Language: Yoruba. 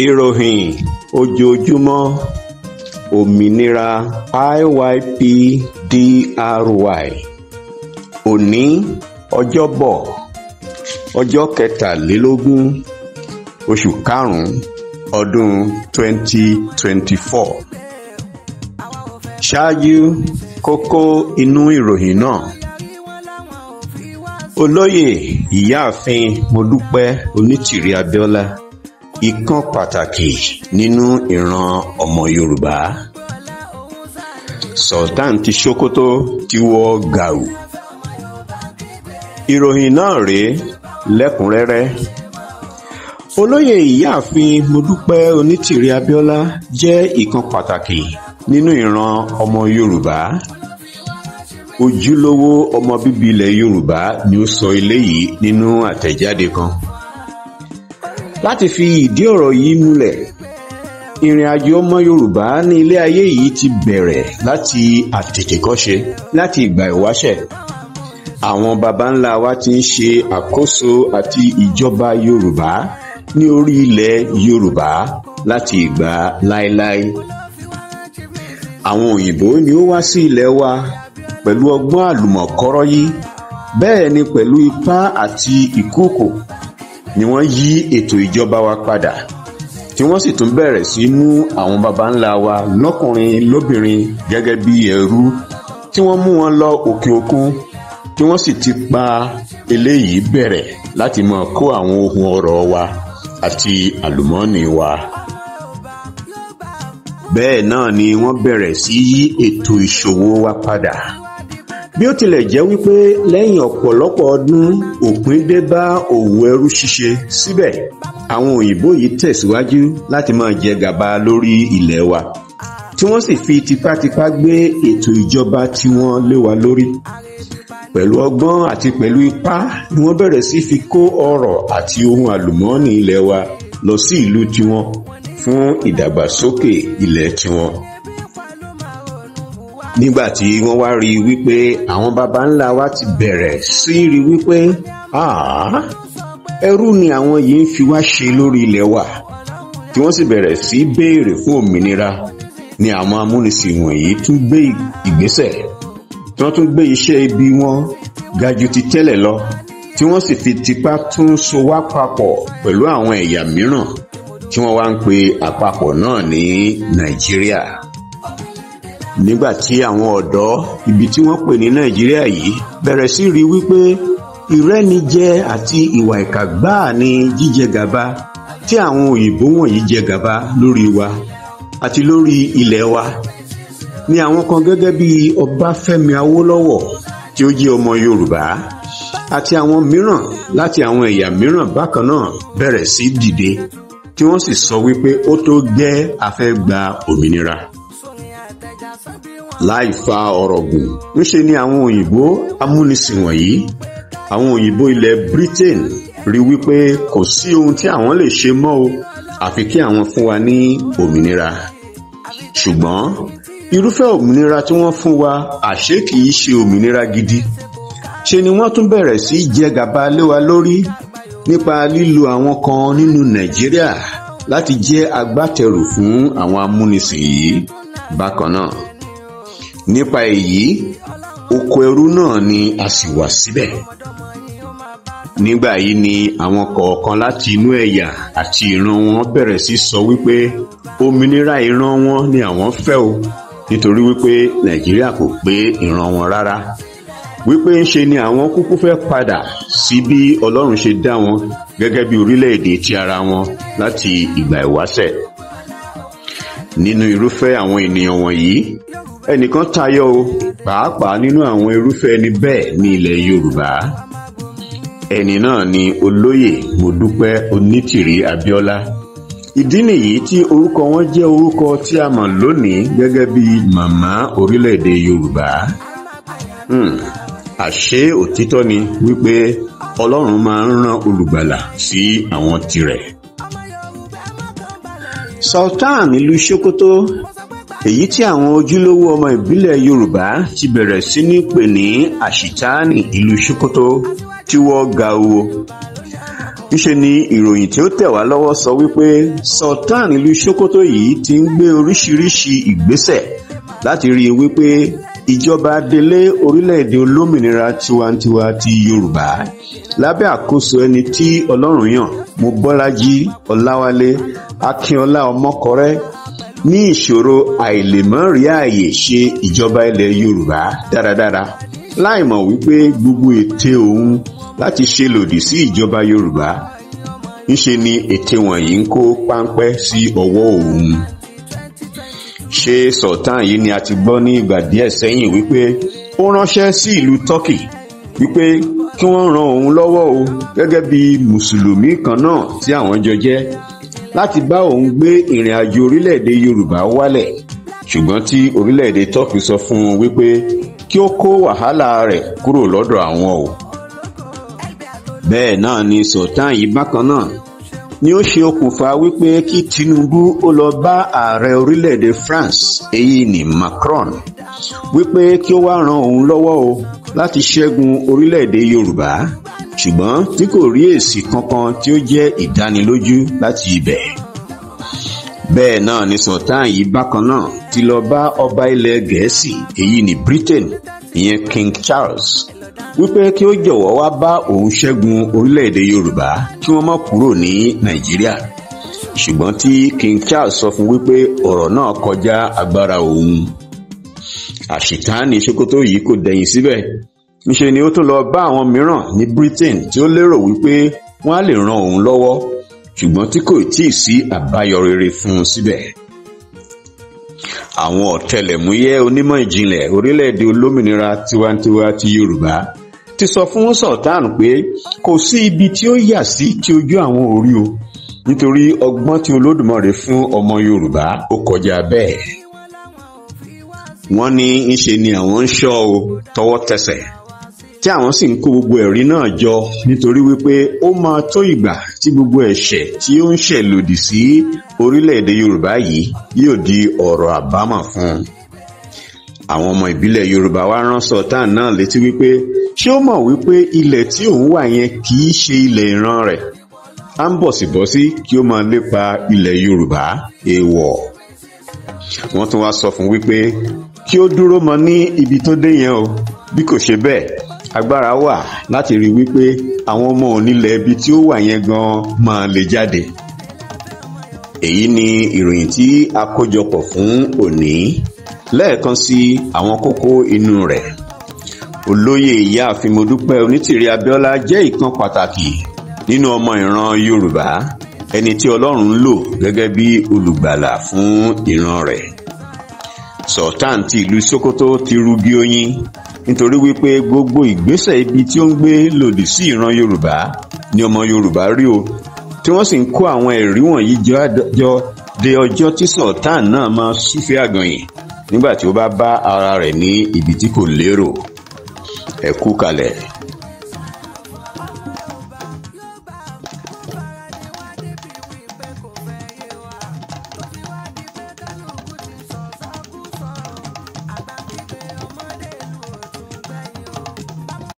ìròyìn ojoojúmọ́ òmìnira IYPDRY òní ọjọ́bọ̀ ọjọ́ kẹtàlélógún oṣù karùn-ún ọdún 2024 ṣáájú kókó inú ìròyìn náà olóyè ìyáàfin Modúpẹ́ Onítìrí Abíọ́lá ìkan pàtàkì nínú ìran ọmọ Yorùbá Sultan ti Sokoto ti wọ gàù ìròyìn náà rèé lẹ́kùnrẹ́rẹ́ olóyè ìyáàfin Modúpẹ́ Onítìrí Abíọ́lá jẹ́ ìkan pàtàkì nínú ìran ọmọ Yorùbá ojúlówó ọmọ bíbí ilẹ̀ Yorùbá ni ó sọ eléyìí nínú àtẹ̀jáde kan láti fi ìdí ọ̀rọ̀ yìí múlẹ̀ ìrìn àjò ọmọ yorùbá ní ilé ayé yìí ti bẹ̀rẹ̀ láti àtètèkọ́ṣe láti ìgbà ìwáṣẹ̀ àwọn baba ńlá wa ti ń ṣe àkóso àti ìjọba yorùbá ní orí ilẹ̀ yorùbá láti ìgbà láéláé àwọn òyìnbó ni ó wá sí ilẹ̀ wa pẹ̀lú ọgbọ́n àlùmọ̀kọ́rọ́yí bẹ́ẹ̀ ni pẹ̀lú ipá àti ìkúkò ni wọ́n yí ètò ìjọba wa padà tí wọ́n sì tún bẹ̀rẹ̀ sí mú àwọn baba ńlá wa lọ́kùnrin lóbìnrin gẹ́gẹ́ bí ẹrú tí wọ́n mú wọn lọ òkè òkun tí wọ́n sì ti pa eléyìí bẹ̀rẹ̀ láti máa kó àwọn ohun ọrọ̀ wa àti àlùmọ́ọ́nì wa. bẹ́ẹ̀ náà ni wọ́n bẹ̀rẹ̀ sí yí ètò ìṣòwò wa padà bí ó tilẹ̀ jẹ́ wípé lẹ́yìn ọ̀pọ̀lọpọ̀ ọdún òpin dé bá òwò ẹrú ṣíṣe síbẹ̀ àwọn òyìnbó yìí tẹ̀síwájú láti máa jẹ gàba lórí ilẹ̀ wa tí wọ́n sì fi tipátipá gbé ètò ìjọba tí wọ́n lé wa lórí pẹ̀lú ọgbọ́n àti pẹ̀lú ipá ni wọ́n bẹ̀rẹ̀ sí fi kó ọrọ̀ àti ohun àlùmọ́ọ́nì ilẹ̀ wa lọ sí ìlú tiwọn fún ìdàgbàsókè ilẹ̀ tiwọn nígbà tí wọ́n wá rí wípé àwọn baba ńlá wa ti bẹ̀rẹ̀ sí rí wípé ẹrú ni àwọn yìí ń fi wá ṣe lórí ilẹ̀ wa tí wọ́n sì bẹ̀rẹ̀ sí béèrè fún òmìnira ni àwọn amúnisìn wọ̀nyí tún gbé ìgbésẹ̀ tí wọ́n tún gbé iṣẹ́ ibi wọn ga jù ti tẹ́lẹ̀ lọ tí wọ́n sì fi tipá tún so wá papọ̀ pẹ̀lú àwọn ẹ̀yà mìíràn tí wọ́n wá ń pe àpapọ̀ náà ní Nàìjíríà nígbà tí àwọn ọ̀dọ́ ibi tí wọ́n pè ní Nàìjíríà yìí bẹ̀rẹ̀ sí rí wípé ìrẹ́nijẹ àti ìwà ìkà ni jíjẹ gàba tí àwọn òyìnbó wọ̀nyí jẹ gàba lórí wa àti lórí ilẹ̀ wa ni àwọn kan gẹ́gẹ́ bí Ọbáfẹ́mi Awólọ́wọ̀ tí ó jẹ́ ọmọ Yorùbá àti àwọn mìíràn láti àwọn ẹ̀yà mìíràn bákan náà bẹ̀rẹ̀ sí dìde tí wọ́n sì sọ wípé ó tó gẹ́ a gba òmìnira láì fa ọ̀rọ̀ gùn ńṣe ni àwọn òyìnbó amúnisìn wọ̀nyí àwọn òyìnbó ilẹ̀ Britain rí wípé kò sí ohun tí àwọn lè ṣe mọ́ o àfi kí àwọn fún wa ní òmìnira ṣùgbọ́n irúfẹ́ òmìnira tí wọ́n fún wa àṣé kìí ṣe òmìnira gidi ṣe ni wọ́n tún bẹ̀rẹ̀ sí í jẹ gàba lé wa lórí nípa lílo àwọn kan nínú Nàìjíríà láti jẹ́ agbátẹrù fún àwọn amúnisìn yìí bákan náà nípa èyí oko ẹrú náà ni a sì wà síbẹ̀ nígbà yìí ni àwọn kọ̀ọ̀kan láti inú ẹ̀yà àti ìran wọn bẹ̀rẹ̀ sí sọ wípé òmìnira ìran wọn ni àwọn fẹ́ o nítorí wípé nàìjíríà kò pé ìran wọn rárá wípé ńṣe ni àwọn kúkú fẹ́ padà sí bí ọlọ́run ṣe dá wọn gẹ́gẹ́ bí orílẹ̀-èdè ti ara wọn láti ìgbà ìwásẹ̀ nínú irúfẹ́ àwọn ènìyàn wọ̀nyí ẹnìkan tayọ o pàápàá nínú àwọn irúfẹ́ ẹni bẹ́ẹ̀ ní ilẹ̀ Yorùbá ẹni náà ni olóyè Mọ́dúpẹ́ Onítìrí abiola ìdí nìyí tí orúkọ wọn jẹ́ orúkọ tí a mọ̀ lónìí gẹ́gẹ́ bí màmá orílẹ̀-èdè Yorùbá hmm, àṣé òtítọ́ ni wípé Ọlọ́run máa ń rán olùgbàlà sí àwọn tirẹ̀. Sultan ìlú Sokoto èyí tí àwọn ojúlówó ọmọ ìbílẹ̀ yorùbá ti bẹ̀rẹ̀ sí ní pè ní àṣìtáàní ìlú sokoto tí wọ́n ga o ńṣe ni ìròyìn tí ó tẹ̀ wá lọ́wọ́ sọ wípé sultan ìlú sokoto yìí ti ń gbé oríṣiríṣi ìgbésẹ̀ láti rí i wípé ìjọba adelé orílẹ̀-èdè olómìnira tiwantiwa ti yorùbá lábẹ́ àkóso ẹni tí ọlọ́run yàn mọ́bọ́lájí ọláwálé akínọlá ọmọkọrẹ́ ní ìṣòro àìlèmọ́rí ààyè ṣe ìjọba ilẹ̀ Yorùbá dáradára láìmọ̀ wípé gbogbo ète òun láti ṣe lòdì sí ìjọba Yorùbá ńṣe ni ète wọ̀nyí ń kó páńpẹ́ sí ọwọ́ òun ṣé Sultan yìí ni a ti gbọ́ ní ìgbà díẹ̀ sẹ́yìn wípé ó ránṣẹ́ sí ìlú Turkey wípé kí wọ́n ran òun lọ́wọ́ o gẹ́gẹ́ bí mùsùlùmí kan náà tí àwọn jọ jẹ́ láti bá òun gbé ìrìn àjò orílẹ̀-èdè Yorùbá wálẹ̀ ṣùgbọ́n tí orílẹ̀-èdè Turkey sọ fún un wípé kí ó kó wàhálà rẹ̀ kúrò lọ́dọ̀ àwọn o. bẹ́ẹ̀ náà ni Sultan yìí bákan náà ni ó ṣe okùnfà wípé kí Tinubu ó lọ bá ààrẹ orílẹ̀-èdè France èyí ni Macron wípé kí ó wá ran òun lọ́wọ́ o láti ṣẹ́gun orílẹ̀-èdè Yorùbá ṣùgbọ́n tí kò rí èsì kankan tí ó jẹ́ ìdánilójú láti ibẹ̀. bẹ́ẹ̀ náà ni sultan yìí bákan náà ti lọ bá ọba ilẹ̀ gẹ̀ẹ́sì èyí ní Britain ìyẹn King Charles wípé kí ó jọ̀wọ́ wá bá òun ṣẹ́gun orílẹ̀-èdè Yorùbá kí wọ́n má kúrò ní Nàìjíríà ṣùgbọ́n tí King Charles sọ fún wípé ọ̀rọ̀ náà kọjá agbára òun àṣìtáàní Sókótó yìí kò dẹ̀yìn síbẹ̀ ńṣe ni ó tún lọ bá àwọn mìíràn ní Britain tí ó lérò wípé wọ́n á lè ran òun lọ́wọ́ ṣùgbọ́n tí kò tíì sí àbáyọ rere fún un síbẹ̀. àwọn ọ̀tẹlẹ̀múyẹ́ onímọ̀ ìjìnlẹ̀ orílẹ̀ olómìnira tiwantiwa ti Yorùbá ti sọ fún Sultan pé kò sí ibi tí ó yà sí tí ojú àwọn orí o nítorí ọgbọ́n tí Olódùmarè fún ọmọ Yorùbá ó kọjá bẹ́ẹ̀. wọ́n ní ńṣe ni àwọn ń ṣọ́ o tọwọ́ tẹsẹ̀ tí àwọn sì ń kó gbogbo ẹ̀rí náà jọ nítorí wípé ó máa tó ìgbà tí gbogbo ẹ̀ṣẹ̀ tí ó ń ṣẹ̀ lòdì sí orílẹ̀-èdè Yorùbá yìí yóò di ọ̀rọ̀ àbámọ̀ fún un. àwọn ọmọ ìbílẹ̀ Yorùbá wá rán Sultan náà létí wípé ṣé ó mọ̀ wípé ilẹ̀ tí òun wà yẹn kì í ṣe ilẹ̀ ìran rẹ̀ á ń bọ̀sibọ́sí kí ó máa lépa ilẹ̀ Yorùbá èèwọ̀ wọ́n tún wá sọ fún wípé kí ó dúró mọ́ ní ibi tó dé yẹn o bí kò ṣe bẹ́ẹ̀ agbára wà láti rí wípé àwọn ọmọ onílẹ̀ ibi tí ó wà yẹn gan máa lè jáde. èyí ni ìròyìn tí a kójọpọ̀ fún òní lẹ́ẹ̀kan sí àwọn kókó inú rẹ̀ olóyè ìyáàfin modúpẹ́ onítìrí abíọ́lá jẹ́ ìkan pàtàkì nínú ọmọ ìran yorùbá ẹni tí ọlọ́run ń lò gẹ́gẹ́ bí olùgbàlà fún ìran rẹ̀ sultan ti ìlú sokoto ti rugi oyin nítorí wípé gbogbo ìgbésẹ̀ ibi tí ó ń gbé lòdì sí ìran Yorùbá ni ọmọ Yorùbá rí o tí wọ́n sì ń kó àwọn ẹ̀rí wọ̀nyí jọ de ọjọ́ tí Sultan náà máa súfẹ́ àgànyìn nígbà tí ó bá bá ara rẹ̀ ní ibi tí kò lérò ẹ kú kalẹ̀.